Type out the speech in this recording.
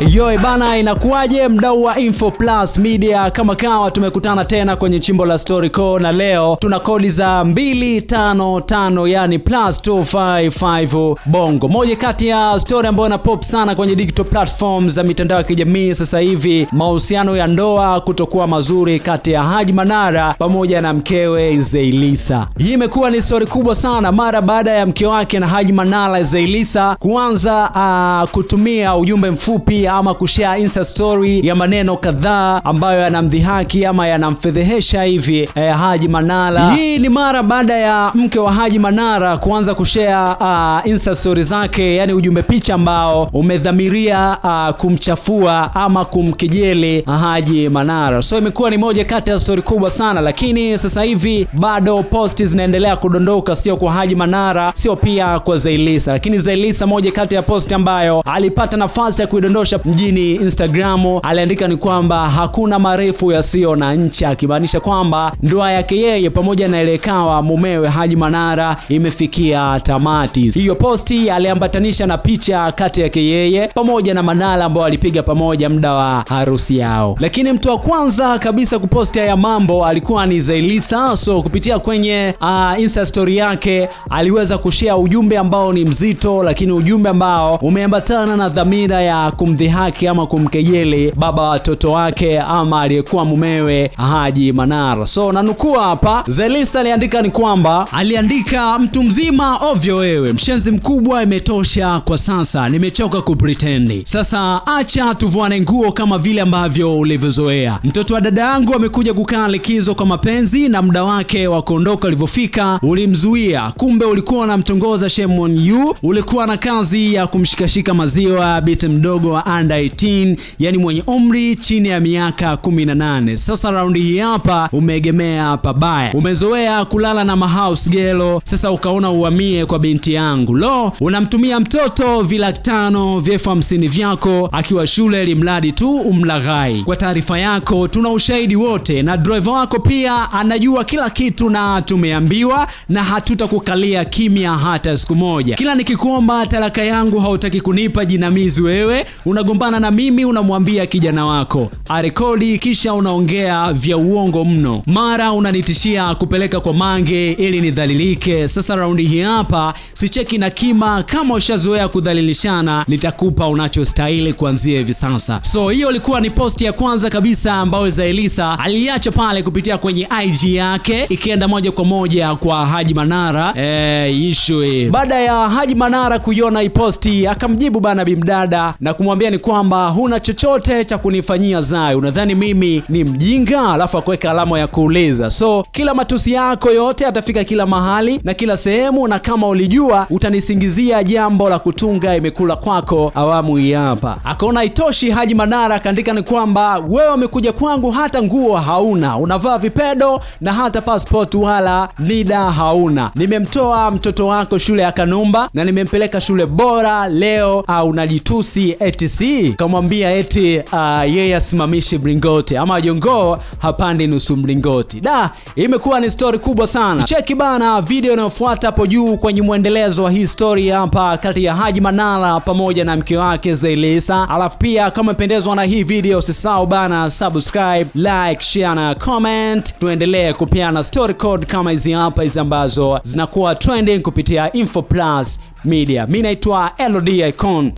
Yo eh, bana, inakuwaje mdau wa Info Plus Media? Kama kawa tumekutana tena kwenye chimbo la co, na leo tuna kodi za 255 yani plus 255 bongo. Moja kati ya story ambayo ina pop sana kwenye digital platforms za mitandao ya kijamii sasa hivi, mahusiano ya ndoa kutokuwa mazuri kati ya Haji Manara pamoja na mkewe zeilisa Hii imekuwa ni story kubwa sana mara baada ya mke wake na Haji Manara zeilisa kuanza uh, kutumia ujumbe mfupi ama kushare insta story ya maneno kadhaa ambayo yanamdhihaki ama yanamfedhehesha hivi eh, Haji Manara. Hii ni mara baada ya mke wa Haji Manara kuanza kushare uh, insta story zake, yani ujumbe picha ambao umedhamiria uh, kumchafua ama kumkejeli Haji Manara. So imekuwa ni moja kati ya story kubwa sana, lakini sasa hivi bado posti zinaendelea kudondoka, sio kwa Haji Manara, sio pia kwa Zailisa, lakini Zailisa moja kati ya posti ambayo alipata nafasi ya kuidondosha alichapisha mjini Instagram aliandika ni kwamba hakuna marefu yasiyo na ncha, akimaanisha kwamba ndoa yake yeye pamoja na elekawa mumewe Haji Manara imefikia tamati. Hiyo posti aliambatanisha na picha kati yake yeye pamoja na Manara ambao alipiga pamoja muda wa harusi yao, lakini mtu wa kwanza kabisa kuposti haya mambo alikuwa ni Zailisa. So kupitia kwenye uh, Insta story yake aliweza kushare ujumbe ambao ni mzito, lakini ujumbe ambao umeambatana na dhamira ya kumdhi kumdhihaki ama kumkejeli baba watoto wake ama aliyekuwa mumewe Haji Manara. So nanukua hapa, Zelista aliandika ni kwamba aliandika, mtu mzima ovyo wewe, mshenzi mkubwa, imetosha kwa sasa, nimechoka kupretendi. Sasa acha tuvuane nguo kama vile ambavyo ulivyozoea. Mtoto wa dada yangu amekuja kukaa likizo kwa mapenzi, na muda wake wa kuondoka ulivyofika ulimzuia. Kumbe ulikuwa unamtongoza Shemon Yu, ulikuwa na kazi ya kumshikashika maziwa, bit mdogo wa under 18, yani mwenye umri chini ya miaka 18. Sasa raundi hii hapa umeegemea pabaya, umezoea kulala na mahouse gelo, sasa ukaona uhamie kwa binti yangu. Lo, unamtumia mtoto vilaki tano vya hamsini vyako akiwa shule, ili mradi tu umlaghai. Kwa taarifa yako, tuna ushahidi wote na driver wako pia anajua kila kitu, na tumeambiwa na hatutakukalia kimya hata siku moja. Kila nikikuomba talaka yangu hautaki kunipa jinamizi, wewe una unagombana na mimi unamwambia kijana wako arekodi, kisha unaongea vya uongo mno, mara unanitishia kupeleka kwa Mange ili nidhalilike. Sasa raundi hii hapa sicheki na kima, kama ushazoea kudhalilishana nitakupa unachostahili kuanzia hivi sasa. So hiyo ilikuwa ni posti ya kwanza kabisa ambayo zaelisa aliacha pale kupitia kwenye IG yake, ikienda moja kwa moja kwa Haji Manara eh, issue. Baada ya Haji Manara kuiona hii posti akamjibu bana bimdada na kumwambia ni kwamba huna chochote cha kunifanyia Zai, unadhani mimi ni mjinga? Alafu akuweka alama ya kuuliza. So kila matusi yako yote atafika kila mahali na kila sehemu, na kama ulijua utanisingizia jambo la kutunga imekula kwako awamu hii hapa. Akaona itoshi Haji Manara akaandika ni kwamba wewe umekuja kwangu hata nguo hauna, unavaa vipedo na hata passport wala NIDA hauna. Nimemtoa mtoto wako shule ya Kanumba na nimempeleka shule bora, leo au unajitusi etc kamwambia eti uh, yeye asimamishi mlingoti ama jongoo hapandi nusu mlingoti. Da, imekuwa ni story kubwa sana. Cheki bana video inayofuata hapo juu kwenye mwendelezo wa hii stori hapa kati ya Haji Manara pamoja na mke wake Zailisa. Alafu pia kama umependezwa na hii video usisahau bana subscribe, like, share na comment. Tuendelee kupeana story code kama hizi hapa hizi ambazo zinakuwa trending kupitia Info Plus Media. Mimi naitwa Elodie Icon.